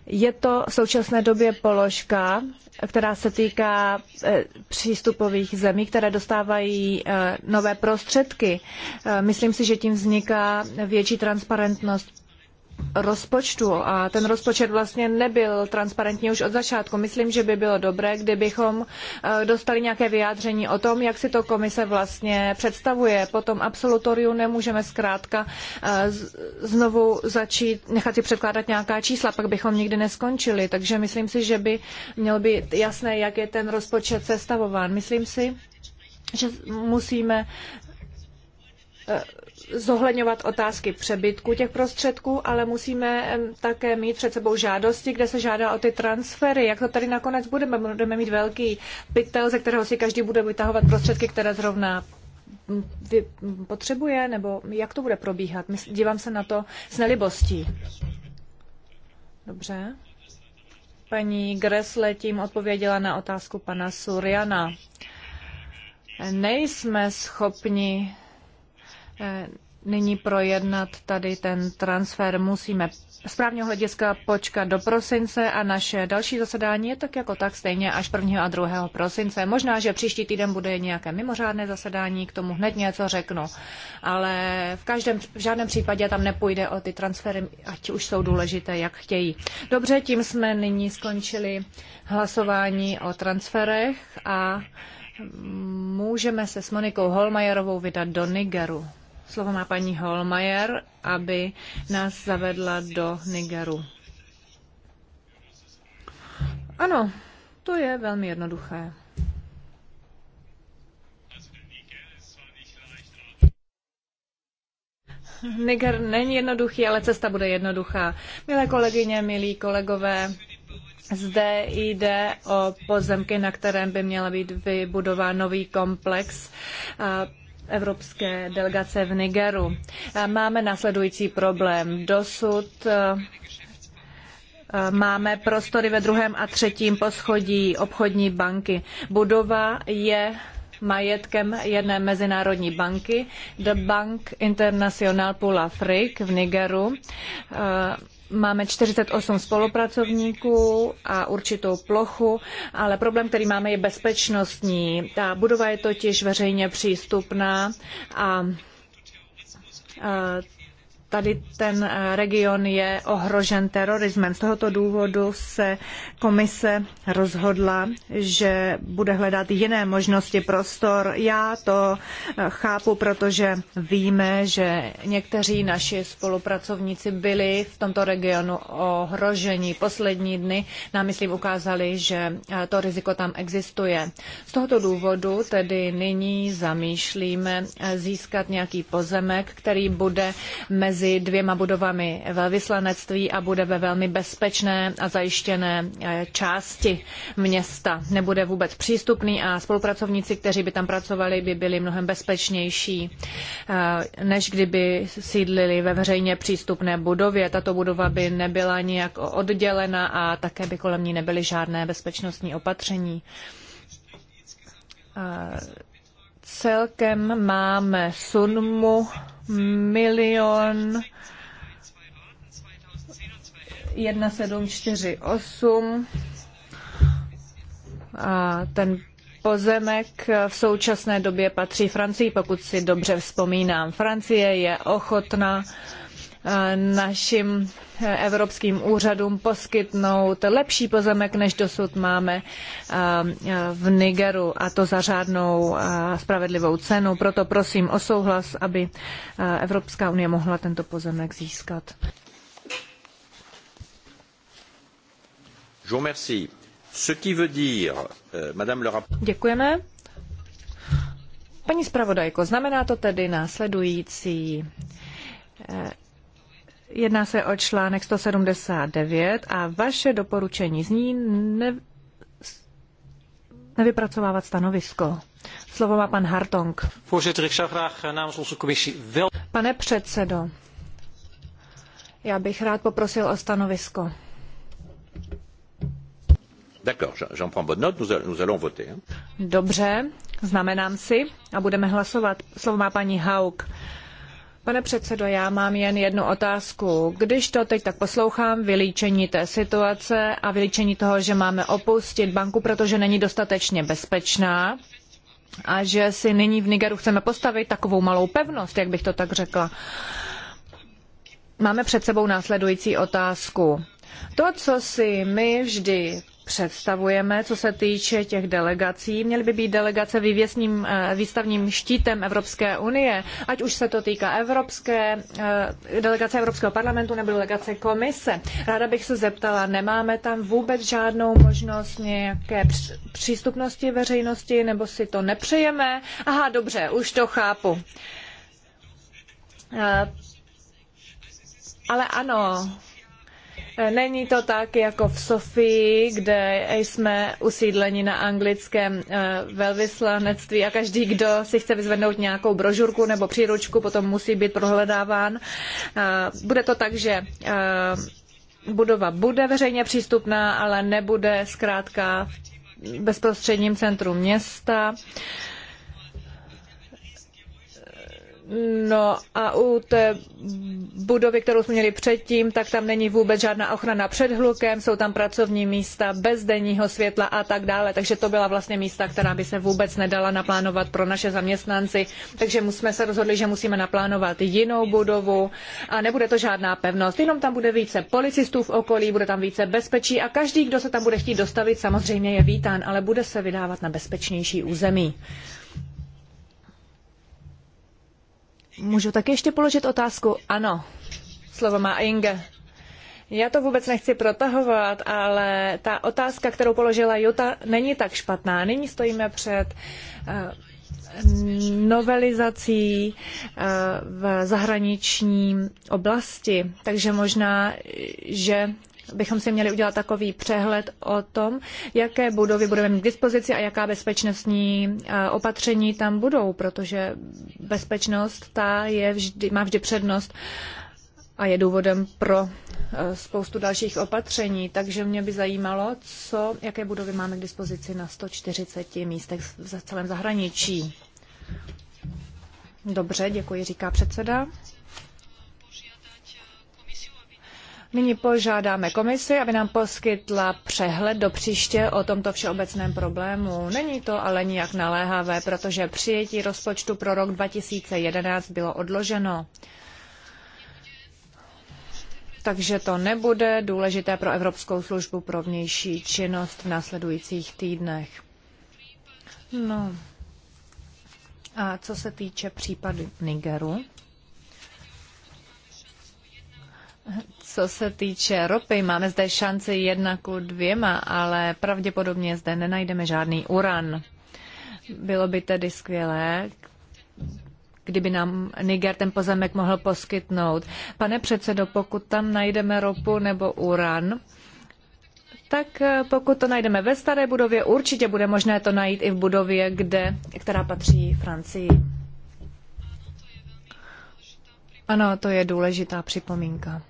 Je to v současné době položka, která se týká eh, přístupových zemí, které dostávají eh, nové prostředky. Myslím si, že tím vzniká větší transparentnost rozpočtu a ten rozpočet vlastně nebyl transparentní už od začátku. Myslím, že by bylo dobré, kdybychom eh, dostali nějaké vyjádření o tom, jak si to komise vlastně představuje. Po tom absolutoriu nemůžeme zkrátka eh, znovu začít nechat si předkládat nějaká čísla, pak bychom nikdy neskončili. Takže myslím si, že by mělo být jasné, jak je ten rozpočet sestavován. Myslím si, že musíme eh, zohledňovat otázky přebytku těch prostředků, ale musíme také mít před sebou žádosti, kde se žádá o ty transfery. Jak to tady nakonec budeme? Budeme mít velký pytel, ze kterého si každý bude vytahovat prostředky, které zrovna mm, mm, potřebuje, nebo jak to bude probíhat? Dívám se na to s nelibostí. Dobře. Paní Gresle tím odpověděla na otázku pana Suriana. Nejsme schopni Eh, nyní projednat tady ten transfer. Musíme z právního hlediska počkat do prosince a naše další zasedání je tak jako tak stejně až 1. a 2. prosince. Možná, že příští týden bude nějaké mimořádné zasedání, k tomu hned něco řeknu, ale v, každém, v žádném případě tam nepůjde o ty transfery, ať už jsou důležité, jak chtějí. Dobře, tím jsme nyní skončili hlasování o transferech a můžeme se s Monikou Holmajerovou vydat do Nigeru. Slovo má paní Holmajer, aby nás zavedla do Nigeru. Ano, to je velmi jednoduché. Niger není jednoduchý, ale cesta bude jednoduchá. Milé kolegyně, milí kolegové, zde jde o pozemky, na kterém by měla být vybudován nový komplex evropské delegace v Nigeru. Máme následující problém. Dosud eh, eh, máme prostory ve druhém a třetím poschodí obchodní banky. Budova je majetkem jedné mezinárodní banky, The Bank International pour l'Afrique v Nigeru. Eh, Máme 48 spolupracovníků a určitou plochu, ale problém, který máme, je bezpečnostní. Ta budova je totiž veřejně přístupná a tady ten eh, region je ohrožen terorismem. Z tohoto důvodu se komise rozhodla, že bude hledat jiné možnosti prostor. Já to eh, chápu, protože víme, že někteří naši spolupracovníci byli v tomto regionu ohroženi. Poslední dny nám, myslím, ukázali, že eh, to riziko tam existuje. Z tohoto důvodu tedy nyní zamýšlíme získat nějaký pozemek, který bude mezi mezi dvěma budovami velvyslanectví a bude ve velmi bezpečné a zajištěné eh, části města. Nebude vůbec přístupný a spolupracovníci, kteří by tam pracovali, by byli mnohem bezpečnější, eh, než kdyby sídlili ve veřejně přístupné budově. Tato budova by nebyla nijak oddělena a také by kolem ní nebyly žádné bezpečnostní opatření. Eh, celkem máme Sunmu, milion 1748 a ten pozemek v současné době patří Francii, pokud si dobře vzpomínám. Francie je ochotna uh, Eh, našim eh, evropským úřadům poskytnout lepší pozemek, než dosud máme eh, v Nigeru a to za řádnou spravedlivou cenu. Proto prosím o souhlas, aby Evropská unie mohla tento pozemek získat. Euh, Děkujeme. Paní zpravodajko, znamená to tedy následující. Jedná se o článek 179 a vaše doporučení zní ne, nevypracovávat stanovisko. Slovo má pan Hartong. Eh, Pane předsedo, já bych rád poprosil o stanovisko. Dobře, znamenám si a budeme hlasovat. Slovo má paní Haug. Pane předsedo, já mám jen jednu otázku. Když to teď tak poslouchám, vylíčení té situace a vylíčení toho, že máme opustit banku, protože není dostatečně bezpečná a že si nyní v Nigeru chceme postavit takovou malou pevnost, jak bych to tak řekla. Máme před sebou následující otázku. To, co si my vždy představujeme, co se týče těch delegací. Měly by být delegace vývěsním, eh, výstavním štítem Evropské unie, ať už se to týká Evropské, eh, delegace Evropského parlamentu nebo delegace komise. Ráda bych se zeptala, nemáme tam vůbec žádnou možnost nějaké přístupnosti veřejnosti, nebo si to nepřejeme? Aha, dobře, už to chápu. Eh, ale ano, Není to tak jako v Sofii, kde jsme usídleni na anglickém eh, velvyslanectví a každý, kdo si chce vyzvednout nějakou brožurku nebo příručku, potom musí být prohledáván. Eh, bude to tak, že eh, budova bude veřejně přístupná, ale nebude zkrátka bezprostředním centru města. Uh, No a u té budovy, kterou jsme měli předtím, tak tam není vůbec žádná ochrana před hlukem, jsou tam pracovní místa bez denního světla a tak dále. Takže to byla vlastně místa, která by se vůbec nedala naplánovat pro naše zaměstnanci. Takže my jsme se rozhodli, že musíme naplánovat jinou budovu a nebude to žádná pevnost. Jenom tam bude více policistů v okolí, bude tam více bezpečí a každý, kdo se tam bude chtít dostavit, samozřejmě je vítán, ale bude se vydávat na bezpečnější území. Můžu taky ještě položit otázku? Ano. Slovo má Inge. Já to vůbec nechci protahovat, ale ta otázka, kterou položila Juta, není tak špatná. Nyní stojíme před eh, novelizací eh, v zahraniční oblasti, takže možná, že bychom si měli udělat takový přehled o tom, jaké budovy budeme mít k dispozici a jaká bezpečnostní eh, opatření tam budou, protože bezpečnost ta je vždy, má vždy přednost a je důvodem pro eh, spoustu dalších opatření, takže mě by zajímalo, co, jaké budovy máme k dispozici na 140 místech v celém zahraničí. Dobře, děkuji, říká předseda. Nyní požádáme komisi, aby nám poskytla přehled do příště o tomto všeobecném problému. Není to ale nijak naléhavé, protože přijetí rozpočtu pro rok 2011 bylo odloženo. Takže to nebude důležité pro Evropskou službu pro vnější činnost v následujících týdnech. No. A co se týče případu Nigeru, co se týče ropy, máme zde šanci jedna ku dvěma, ale pravděpodobně zde nenajdeme žádný uran. Bylo by tedy skvělé, kdyby nám Niger ten pozemek mohl poskytnout. Pane předsedo, pokud tam najdeme ropu nebo uran, tak pokud to najdeme ve staré budově, určitě bude možné to najít i v budově, kde, která patří Francii. Ano, to je důležitá připomínka.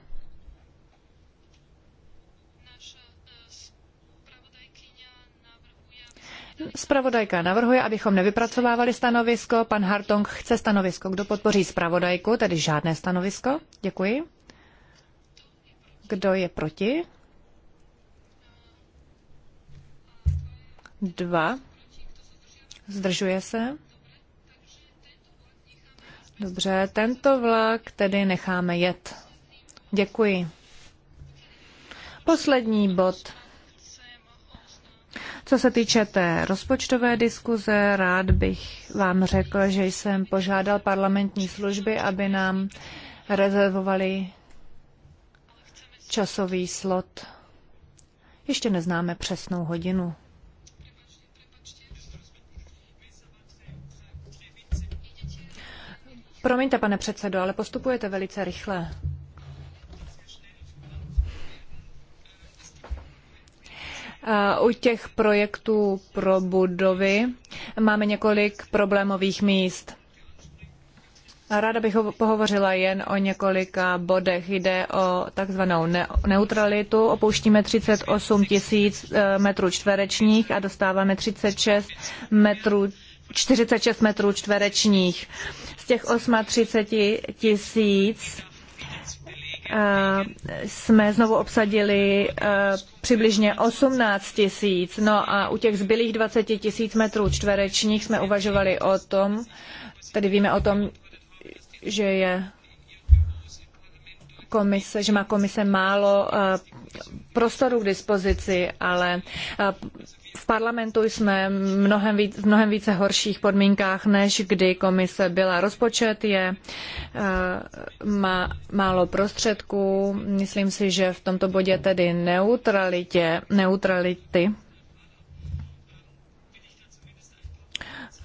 Spravodajka navrhuje, abychom nevypracovávali stanovisko. Pan Hartong chce stanovisko. Kdo podpoří spravodajku, tedy žádné stanovisko? Děkuji. Kdo je proti? Dva. Zdržuje se? Dobře, tento vlak tedy necháme jet. Děkuji. Poslední bod. Co se týče té rozpočtové diskuze, rád bych vám řekl, že jsem požádal parlamentní služby, aby nám rezervovali časový slot. Ještě neznáme přesnou hodinu. Promiňte, pane předsedo, ale postupujete velice rychle. U těch projektů pro budovy máme několik problémových míst. Ráda bych pohovořila jen o několika bodech. Jde o takzvanou neutralitu. Opouštíme 38 tisíc e, metrů čtverečních a dostáváme 36 metrů 46 metrů čtverečních. Z těch 38 tisíc jsme znovu obsadili přibližně 18 tisíc. No a u těch zbylých 20 tisíc metrů čtverečních jsme uvažovali o tom, tedy víme o tom, že je komise, že má komise málo prostoru k dispozici, ale v parlamentu jsme mnohem víc, v mnohem více horších podmínkách, než kdy komise byla. Rozpočet je eh, má málo prostředků. Myslím si, že v tomto bodě tedy neutralitě, neutrality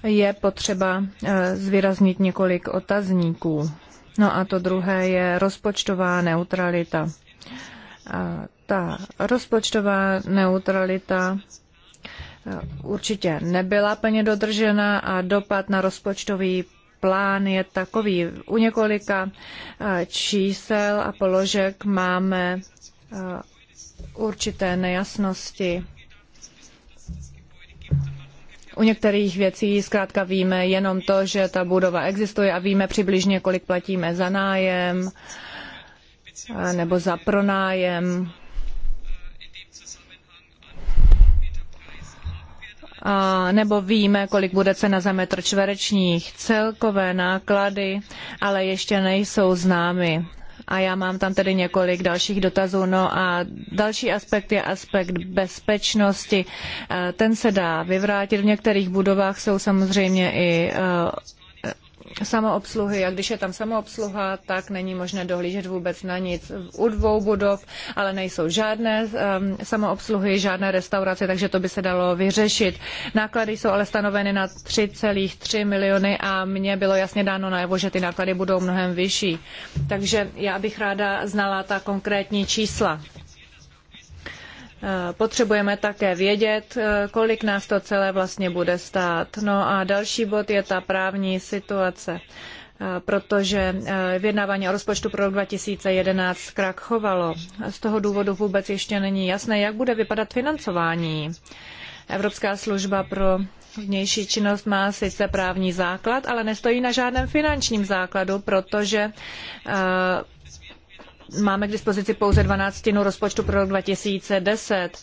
je potřeba eh, zvýraznit několik otazníků. No a to druhé je rozpočtová neutralita. Eh, ta rozpočtová neutralita určitě nebyla plně dodržena a dopad na rozpočtový plán je takový. U několika eh, čísel a položek máme eh, určité nejasnosti. U některých věcí zkrátka víme jenom to, že ta budova existuje a víme přibližně, kolik platíme za nájem eh, nebo za pronájem nebo víme, kolik bude cena za metr čtverečních. Celkové náklady ale ještě nejsou známy. A já mám tam tedy několik dalších dotazů. No a další aspekt je aspekt bezpečnosti. E, ten se dá vyvrátit. V některých budovách jsou samozřejmě i e, samoobsluhy a když je tam samoobsluha, tak není možné dohlížet vůbec na nic. U dvou budov, ale nejsou žádné um, samoobsluhy, žádné restaurace, takže to by se dalo vyřešit. Náklady jsou ale stanoveny na 3,3 miliony a mně bylo jasně dáno najevo, že ty náklady budou mnohem vyšší. Takže já bych ráda znala ta konkrétní čísla. Eh, potřebujeme také vědět, eh, kolik nás to celé vlastně bude stát. No a další bod je ta právní situace eh, protože vyjednávání o rozpočtu pro rok 2011 zkrachovalo. Z toho důvodu vůbec ještě není jasné, jak bude vypadat financování. Evropská služba pro vnější činnost má sice právní základ, ale nestojí na žádném finančním základu, protože máme k dispozici pouze dvanáctinu rozpočtu pro rok 2010.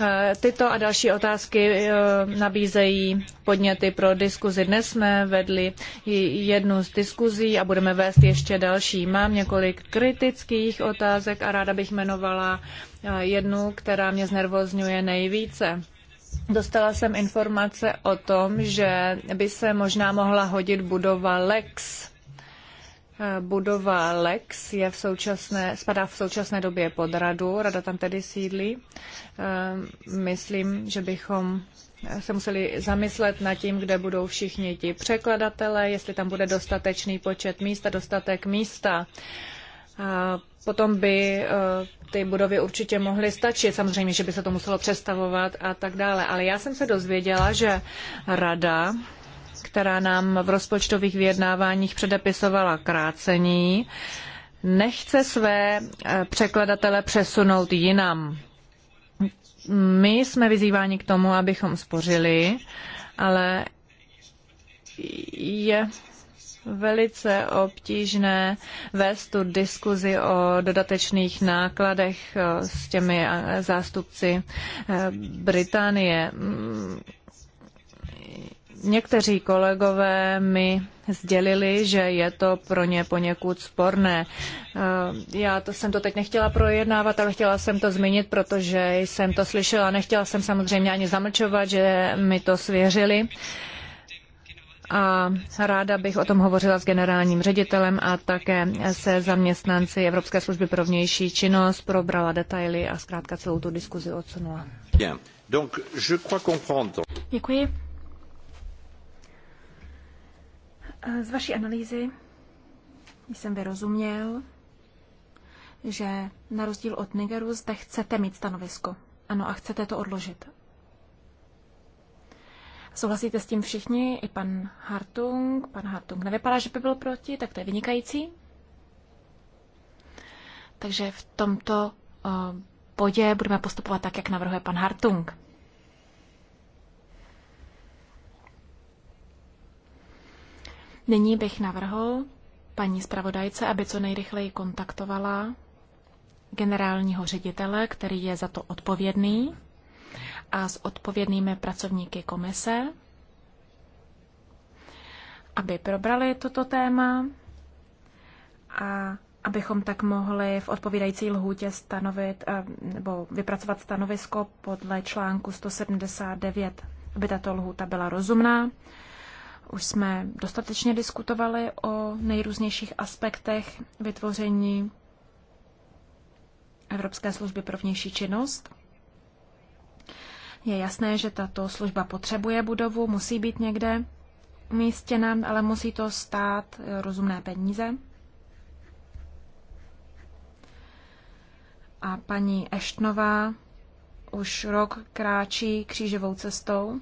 Eh, tyto a další otázky eh, nabízejí podněty pro diskuzi. Dnes jsme vedli jednu z diskuzí a budeme vést ještě další. Mám několik kritických otázek a ráda bych jmenovala eh, jednu, která mě znervozňuje nejvíce. Dostala jsem informace o tom, že by se možná mohla hodit budova Lex Budova Lex je v současné, spadá v současné době pod radu, rada tam tedy sídlí. Ehm, myslím, že bychom se museli zamyslet nad tím, kde budou všichni ti překladatelé, jestli tam bude dostatečný počet míst a dostatek místa. potom by eh, ty budovy určitě mohly stačit, samozřejmě, že by se to muselo přestavovat a tak dále. Ale já jsem se dozvěděla, že rada která nám v rozpočtových vyjednáváních předepisovala krácení, nechce své eh, překladatele přesunout jinam. My jsme vyzýváni k tomu, abychom spořili, ale je velice obtížné vést tu diskuzi o dodatečných nákladech eh, s těmi eh, zástupci Británie. Někteří kolegové mi sdělili, že je to pro ně poněkud sporné. Eh, já to jsem to teď nechtěla projednávat, ale chtěla jsem to zmínit, protože jsem to slyšela. Nechtěla jsem samozřejmě ani zamlčovat, že mi to svěřili a ráda bych o tom hovořila s generálním ředitelem a také se zaměstnanci Evropské služby pro vnější činnost, probrala detaily a zkrátka celou tu diskuzi
odsunula. Děkuji. Eh, z vaší analýzy jsem vyrozuměl, že na rozdíl od Nigeru zde chcete mít stanovisko. Ano, a chcete to odložit. Souhlasíte s tím všichni, i pan Hartung. Pan Hartung nevypadá, že by byl proti, tak to je vynikající. Takže v tomto eh, bodě budeme postupovat tak, jak navrhuje pan Hartung. Nyní bych navrhl paní zpravodajce, aby co nejrychleji kontaktovala generálního ředitele, který je za to odpovědný, a s odpovědnými pracovníky komise, aby probrali toto téma a abychom tak mohli v odpovídající lhůtě stanovit eh, nebo vypracovat stanovisko podle článku 179, aby tato lhůta byla rozumná už jsme dostatečně diskutovali o nejrůznějších aspektech vytvoření Evropské služby pro vnější činnost. Je jasné, že tato služba potřebuje budovu, musí být někde umístěna, ale musí to stát rozumné peníze. A paní Eštnová už rok kráčí křížovou cestou.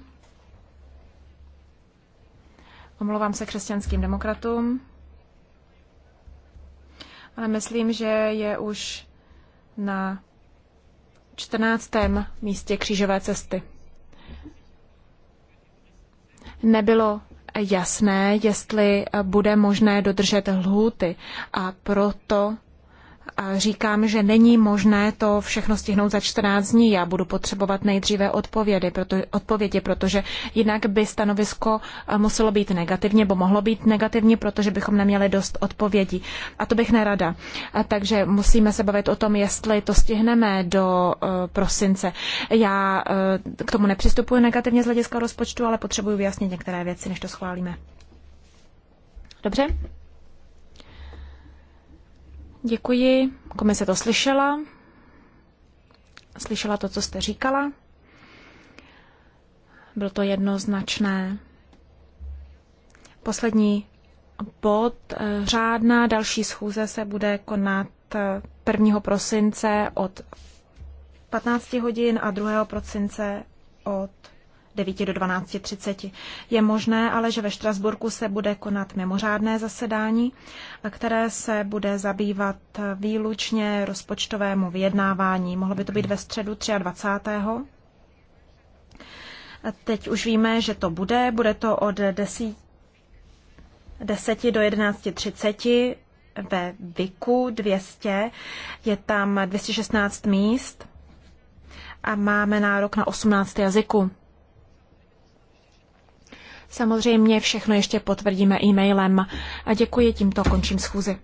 Omlouvám se křesťanským demokratům. Ale myslím, že je už na 14. místě křížové cesty. Nebylo jasné, jestli bude možné dodržet lhůty a proto říkám, že není možné to všechno stihnout za 14 dní. Já budu potřebovat nejdříve odpovědi, proto, odpovědi, protože jinak by stanovisko eh, muselo být negativní, nebo mohlo být negativní, protože bychom neměli dost odpovědí. A to bych nerada. A takže musíme se bavit o tom, jestli to stihneme do uh, prosince. Já uh, k tomu nepřistupuji negativně z hlediska rozpočtu, ale potřebuji vyjasnit některé věci, než to schválíme. Dobře? Děkuji. Komise to slyšela. Slyšela to, co jste říkala. Bylo to jednoznačné. Poslední bod. Řádná další schůze se bude konat 1. prosince od 15 hodin a 2. prosince od 9 do 12.30. Je možné ale, že ve Štrasburku se bude konat mimořádné zasedání, které se bude zabývat výlučně rozpočtovému vyjednávání. Mohlo by to být ve středu 23. Teď už víme, že to bude. Bude to od 10, 10 do 11.30 ve VIKu 200. Je tam 216 míst a máme nárok na 18 jazyků. Samozřejmě všechno ještě potvrdíme e-mailem. A děkuji, tímto končím schůzi.